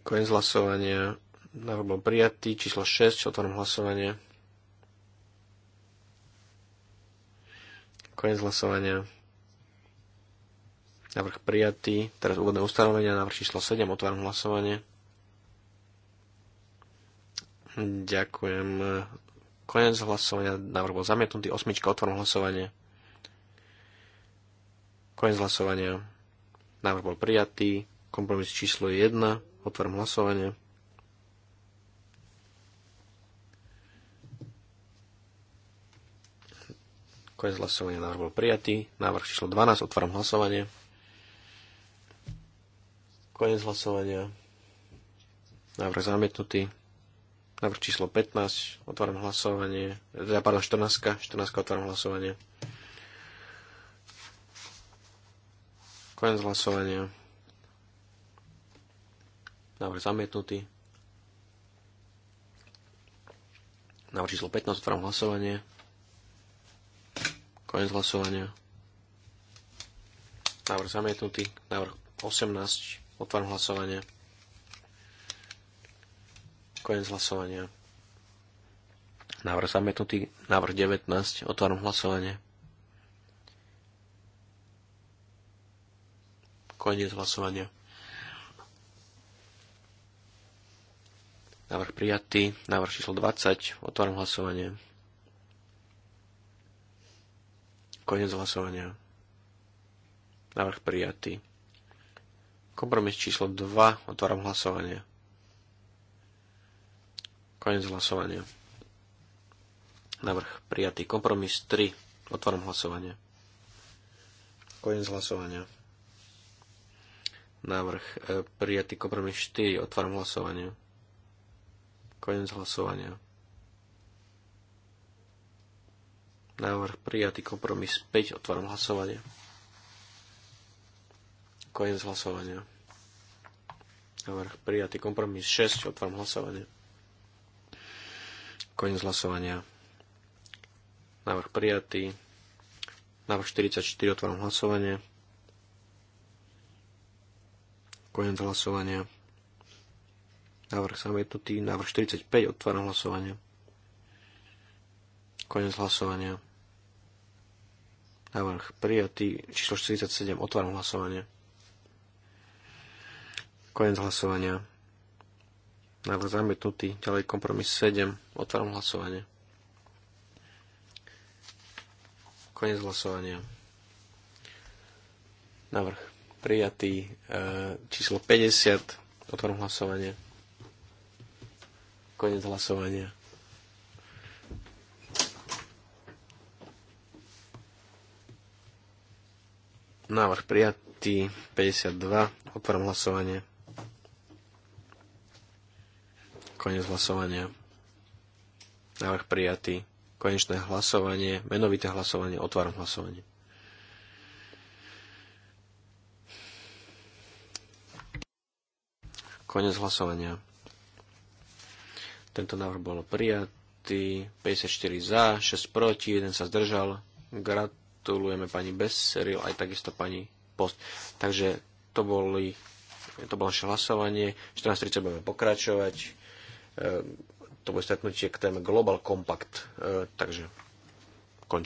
Koniec hlasovania. Návrh bol prijatý. Číslo 6. Otváram hlasovanie. Koniec hlasovania. Návrh prijatý. Teraz úvodné ustanovenia. Návrh číslo 7. Otváram hlasovanie. Ďakujem. Koniec hlasovania. Návrh bol zamietnutý. Osmička. Otvorím hlasovanie. Koniec hlasovania. Návrh bol prijatý. Kompromis číslo 1. Otvorím hlasovanie. Koniec hlasovania. Návrh bol prijatý. Návrh číslo 12. otvorím hlasovanie. Koniec hlasovania. Návrh zamietnutý. Návrh číslo 15, otváram hlasovanie. Teda, pardon, 14, 14, otváram hlasovanie. Koniec hlasovania. Návrh zamietnutý. Návrh číslo 15, otváram hlasovanie. Koniec hlasovania. Návrh zamietnutý. Návrh 18, otváram hlasovanie. Konec hlasovania. Návrh zamietnutý. Návrh 19. Otváram hlasovanie. Koniec hlasovania. Návrh prijatý. Návrh číslo 20. Otváram hlasovanie. Koniec hlasovania. Návrh prijatý. Kompromis číslo 2. Otváram hlasovanie. Konec hlasovania. Navrh prijatý. Kompromis 3. Otváram hlasovanie. Konec hlasovania. Návrh prijatý. Kompromis 4. Otváram hlasovanie. Konec e, hlasovania. Návrh prijatý. Kompromis 5. Otváram hlasovanie. Konec hlasovania. Návrh prijatý. Kompromis 6. Otváram hlasovanie. Koniec hlasovania. Návrh prijatý. Návrh 44. Otváram hlasovanie. Koniec hlasovania. Návrh samietnutý. Návrh 45. Otváram hlasovanie. Koniec hlasovania. Návrh prijatý. Číslo 47. Otváram hlasovanie. Koniec hlasovania. Návrh zamietnutý. Ďalej kompromis 7. Otváram hlasovanie. Konec hlasovania. Návrh prijatý. E, číslo 50. Otváram hlasovanie. Konec hlasovania. Návrh prijatý 52. Otváram hlasovanie. Konec hlasovania. Návrh prijatý. Konečné hlasovanie, menovité hlasovanie, otváram hlasovanie. Konec hlasovania. Tento návrh bol prijatý. 54 za, 6 proti, 1 sa zdržal. Gratulujeme pani Besseril, aj takisto pani Post. Takže to, boli, to bolo naše hlasovanie. 14.30 budeme pokračovať to stretnutie k téme Global Compact. E, takže